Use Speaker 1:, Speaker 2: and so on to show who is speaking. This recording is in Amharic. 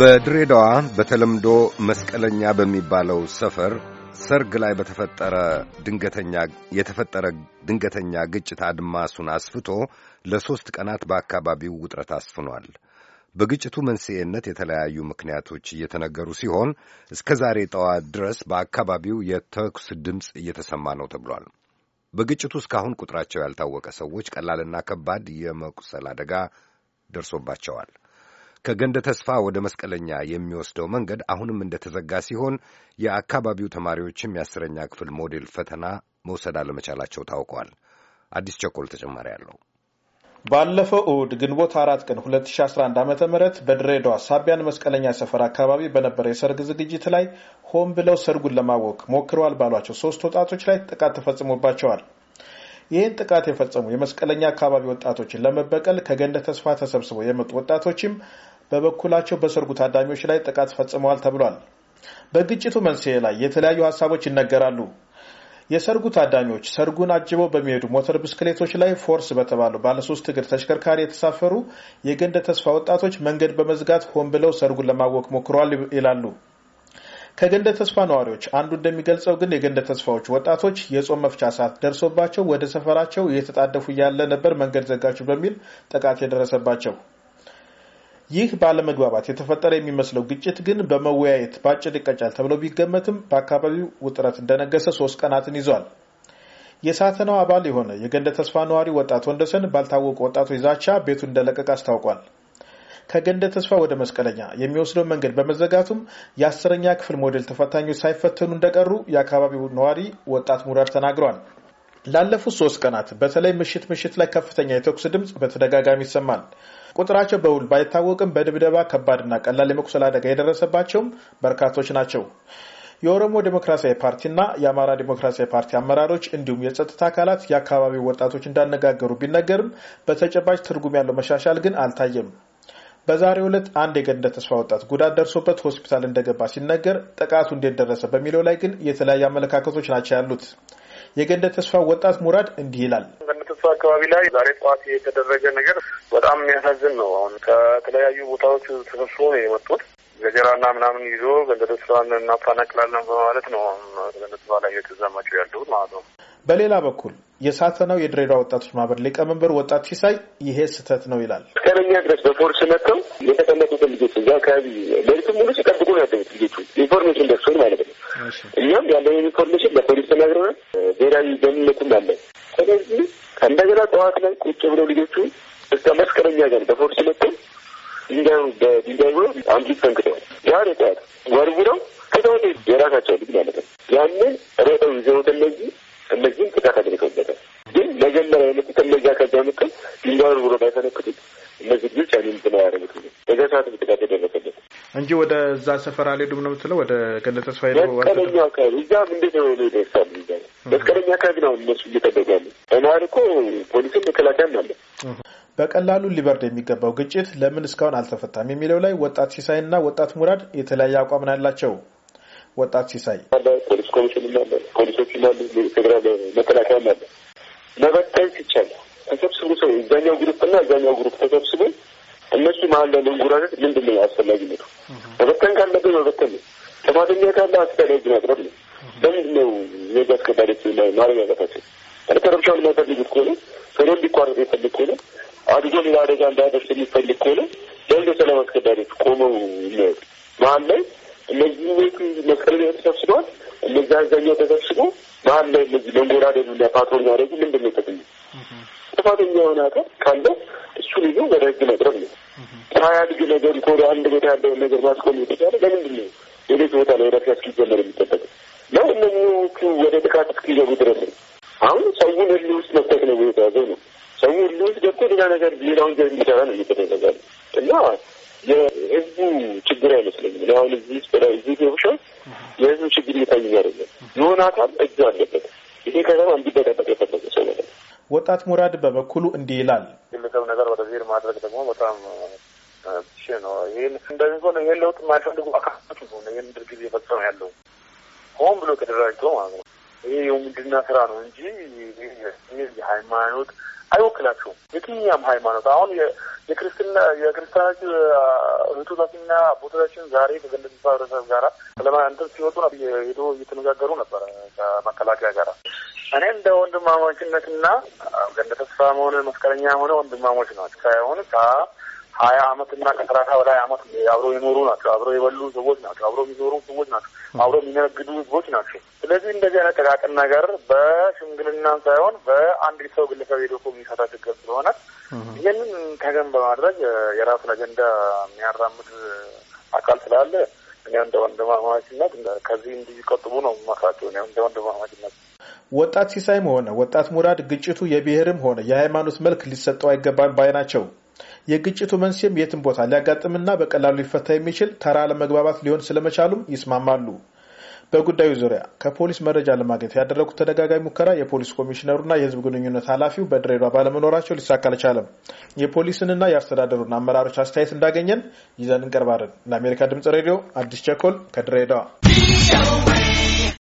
Speaker 1: በድሬዳዋ በተለምዶ መስቀለኛ በሚባለው ሰፈር ሰርግ ላይ በተፈጠረ ድንገተኛ የተፈጠረ ድንገተኛ ግጭት አድማሱን አስፍቶ ለሦስት ቀናት በአካባቢው ውጥረት አስፍኗል። በግጭቱ መንስኤነት የተለያዩ ምክንያቶች እየተነገሩ ሲሆን እስከ ዛሬ ጠዋት ድረስ በአካባቢው የተኩስ ድምፅ እየተሰማ ነው ተብሏል። በግጭቱ እስካሁን ቁጥራቸው ያልታወቀ ሰዎች ቀላልና ከባድ የመቁሰል አደጋ ደርሶባቸዋል። ከገንደ ተስፋ ወደ መስቀለኛ የሚወስደው መንገድ አሁንም እንደተዘጋ ሲሆን የአካባቢው ተማሪዎችም የአስረኛ ክፍል ሞዴል ፈተና መውሰድ አለመቻላቸው ታውቋል። አዲስ ቸኮል ተጨማሪ አለው። ባለፈው እሁድ ግንቦት አራት ቀን 2011 ዓ ም በድሬዳዋ ሳቢያን መስቀለኛ ሰፈር አካባቢ በነበረ የሰርግ ዝግጅት ላይ ሆን ብለው ሰርጉን ለማወክ ሞክረዋል ባሏቸው ሶስት ወጣቶች ላይ ጥቃት ተፈጽሞባቸዋል። ይህን ጥቃት የፈጸሙ የመስቀለኛ አካባቢ ወጣቶችን ለመበቀል ከገንደ ተስፋ ተሰብስበው የመጡ ወጣቶችም በበኩላቸው በሰርጉ ታዳሚዎች ላይ ጥቃት ፈጽመዋል ተብሏል። በግጭቱ መንስኤ ላይ የተለያዩ ሀሳቦች ይነገራሉ። የሰርጉ ታዳሚዎች ሰርጉን አጅበው በሚሄዱ ሞተር ብስክሌቶች ላይ ፎርስ በተባለው ባለሶስት እግር ተሽከርካሪ የተሳፈሩ የገንደ ተስፋ ወጣቶች መንገድ በመዝጋት ሆን ብለው ሰርጉን ለማወቅ ሞክረዋል ይላሉ። ከገንደ ተስፋ ነዋሪዎች አንዱ እንደሚገልጸው ግን የገንደ ተስፋዎች ወጣቶች የጾም መፍቻ ሰዓት ደርሶባቸው ወደ ሰፈራቸው እየተጣደፉ እያለ ነበር መንገድ ዘጋችሁ በሚል ጥቃት የደረሰባቸው ይህ ባለመግባባት የተፈጠረ የሚመስለው ግጭት ግን በመወያየት በአጭር ይቀጫል ተብሎ ቢገመትም በአካባቢው ውጥረት እንደነገሰ ሶስት ቀናትን ይዟል። የሳተናው አባል የሆነ የገንደ ተስፋ ነዋሪ ወጣት ወንደሰን ባልታወቁ ወጣቶች ዛቻ ቤቱን እንደለቀቀ አስታውቋል። ከገንደ ተስፋ ወደ መስቀለኛ የሚወስደው መንገድ በመዘጋቱም የአስረኛ ክፍል ሞዴል ተፈታኞች ሳይፈተኑ እንደቀሩ የአካባቢው ነዋሪ ወጣት ሙራር ተናግሯል። ላለፉት ሶስት ቀናት በተለይ ምሽት ምሽት ላይ ከፍተኛ የተኩስ ድምፅ በተደጋጋሚ ይሰማል። ቁጥራቸው በውል ባይታወቅም በድብደባ ከባድና ቀላል የመቁሰል አደጋ የደረሰባቸውም በርካቶች ናቸው። የኦሮሞ ዴሞክራሲያዊ ፓርቲና የአማራ ዴሞክራሲያዊ ፓርቲ አመራሮች እንዲሁም የጸጥታ አካላት የአካባቢው ወጣቶች እንዳነጋገሩ ቢነገርም በተጨባጭ ትርጉም ያለው መሻሻል ግን አልታየም። በዛሬው ዕለት አንድ የገንደ ተስፋ ወጣት ጉዳት ደርሶበት ሆስፒታል እንደገባ ሲነገር ጥቃቱ እንዴት ደረሰ በሚለው ላይ ግን የተለያዩ አመለካከቶች ናቸው ያሉት። የገንደ ተስፋ ወጣት ሙራድ እንዲህ ይላል።
Speaker 2: ሀምሳ አካባቢ ላይ ዛሬ ጠዋት የተደረገ ነገር በጣም የሚያሳዝን ነው። አሁን ከተለያዩ ቦታዎች ተሰብስቦ ነው የመጡት ገጀራና ምናምን ይዞ ገንዘብ ስራን እናፋናቅላለን በማለት ነው ገንዘብ ስራ ላይ
Speaker 3: የተዛማቸው ያለሁት ማለት ነው።
Speaker 1: በሌላ በኩል የሳተ ነው የድሬዳዋ ወጣቶች ማህበር ሊቀመንበር ወጣት ሲሳይ ይሄ ስህተት ነው ይላል።
Speaker 3: እስከለኛ ድረስ በፖሊስ መጥተው የተቀመጡትን ልጆች እዛ አካባቢ ሌሊቱ ሙሉ ሲጠብቁ ነው ያደሩት። ልጆቹ ኢንፎርሜሽን ደርሶን ማለት ነው። እኛም ያለን ኢንፎርሜሽን ለፖሊስ ተናግረናል። ብሔራዊ ደህንነቱም አለ። ስለዚህ እንደገና ጠዋት ላይ ቁጭ ብለው ልጆቹ እስከ መስቀለኛ ጋር በፎርስ መጥቶ ድንጋዩ በድንጋይ ብሎ አንዲት ፈንክተዋል። ዛሬ ጠዋት ወርቡ ነው ከተወ የራሳቸው ልጅ ማለት ነው። ያንን ረጠው ይዘውት እነዚህ እነዚህም ጥቃት አድርገውበታል። ግን መጀመሪያ የመጡት እነዚያ ከዛ ምክል ድንጋዩን ብሎ ባይፈነክቱት እነዚህ ልጆች ያንን ብለ ያደረጉት በዛ ሰዓት ጥቃት የደረሰበት
Speaker 1: እንጂ ወደ እዛ ሰፈር አልሄዱም ነው የምትለው ወደ ገለተስፋ ተስፋ ሄደ ቀለኛ
Speaker 3: አካባቢ እዛም እንዴት ነው ሄደ ይደርሳሉ መስቀለኛ አካባቢ ነው እነሱ እየጠበቁ ያሉ። በመሀል እኮ ፖሊስም መከላከያም አለ።
Speaker 1: በቀላሉ ሊበርድ የሚገባው ግጭት ለምን እስካሁን አልተፈታም የሚለው ላይ ወጣት ሲሳይ ሲሳይና ወጣት ሙራድ የተለያየ አቋም ነው ያላቸው። ወጣት ሲሳይ
Speaker 3: ፖሊስ ኮሚሽን አለ፣ ፖሊሶች አሉ፣ ፌዴራል መከላከያም አለ። መበተን ሲቻል ተሰብስቡ ሰው እዛኛው ግሩፕ ግሩፕና እዛኛው ግሩፕ ተሰብስቡ እነሱ መሀል ላይ መንጎራደድ ምንድን ነው አስፈላጊነቱ? መበተን ካለብን መበተን ነው። ጥፋተኛ ካለ አስፈላጊ ማቅረብ ነው። በምን ነው እነዚህ አስከባሪዎች ማድረግ ያቀታቸው? ረብሻውን ከሆነ ሰላም ሊቋረጥ የሚፈልግ ከሆነ አድጎ ሌላ አደጋ እንዳያደርስ የሚፈልግ ከሆነ ለእንደ ሰላም አስከባሪዎች ቆመው ይለያሉ። መሀል ላይ እነዚህ ቤቱ መቀለያ ተሰብስበዋል። እነዚህ አዛኛው ተሰብስቦ መሀል ላይ እነዚህ መንጎራደዱ እና ፓትሮል ማድረጉ ምንድን ነው ጥቅም? ጥፋተኛ የሆነ ሀገር ካለ እሱን ይዞ ወደ ህግ መቅረብ ነው። ሀያ ሳያድግ ነገር ከወደ አንድ ቦታ ያለውን ነገር ማስቆም የተቻለ ለምንድን ነው የቤት ቦታ ላይ ረፊያ እስኪጀመር የሚጠበቅ ነው እነዚህ ወደ ጥቃት እስኪገቡ ድረስ አሁን ሰውን ህል ውስጥ መተክ ነው የተያዘ ነው። ሰው ህል ውስጥ ገብቶ ሌላ ነገር ሌላውን ወንጀል እንዲሰራ ነው እየተደረገ እና የህዝቡ ችግር አይመስለኝም። አሁን እዚህ ውስጥ ላይ እዚህ ገብሻል የህዝቡ ችግር እየታየኝ አይደለም። የሆነ አካል እጅ አለበት። ይሄ ከተማ እንዲበጠበቅ የፈለገ ሰው ነገር
Speaker 1: ወጣት ሙራድ በበኩሉ እንዲህ ይላል።
Speaker 2: ግለሰብ ነገር ወደዚህ ማድረግ ደግሞ በጣም ነው። ይህን እንደዚህ ሆነ ይህን ለውጥ የማይፈልጉ አካሎች ነው ይህን ድርጊት እየፈጸመ ያለው ሆን ብሎ ተደራጅቶ ማለት ነው። ይህ የውንድና ስራ ነው እንጂ ሃይማኖት አይወክላቸውም። የትኛም ሃይማኖት አሁን የክርስትና የክርስቲያናችን እህቶቻችንና አቦቶቻችን ዛሬ ከገለጽ ማህበረሰብ ጋራ ስለማንትን ሲወጡ ሄዶ እየተነጋገሩ ነበረ ከመከላከያ ጋራ እኔ እንደ ወንድማሞችነትና ገንደ ተስፋ መሆነ መስቀለኛ የሆነ ወንድማሞች ናቸው ሳይሆን ከ ሀያ አመት እና ከሰላሳ በላይ አመት አብረው የኖሩ ናቸው። አብረው የበሉ ሰዎች ናቸው። አብረው የሚኖሩ ሰዎች ናቸው። አብረው የሚነግዱ ህዝቦች ናቸው። ስለዚህ እንደዚህ አይነት ጥቃቅን ነገር በሽምግልናም ሳይሆን በአንድ ሰው ግለሰብ የዶኮ እኮ የሚፈታ ችግር ስለሆነ ይህንን ከገን በማድረግ የራሱን አጀንዳ የሚያራምድ አካል ስላለ እኔ እንደ ወንድማማችነት ከዚህ እንዲቆጥቡ ነው ማሳቸው እኔ እንደ
Speaker 1: ወንድማማችነት ወጣት ሲሳይም ሆነ ወጣት ሙራድ ግጭቱ የብሔርም ሆነ የሃይማኖት መልክ ሊሰጠው አይገባም ባይ ናቸው። የግጭቱ መንስኤም የትም ቦታ ሊያጋጥምና በቀላሉ ሊፈታ የሚችል ተራ አለመግባባት ሊሆን ስለመቻሉም ይስማማሉ። በጉዳዩ ዙሪያ ከፖሊስ መረጃ ለማግኘት ያደረጉት ተደጋጋሚ ሙከራ የፖሊስ ኮሚሽነሩና የሕዝብ ግንኙነት ኃላፊው በድሬዳዋ ባለመኖራቸው ሊሳካ አልቻለም። የፖሊስንና የአስተዳደሩን አመራሮች አስተያየት እንዳገኘን ይዘን እንቀርባለን። ለአሜሪካ ድምጽ ሬዲዮ አዲስ ቸኮል ከድሬዳዋ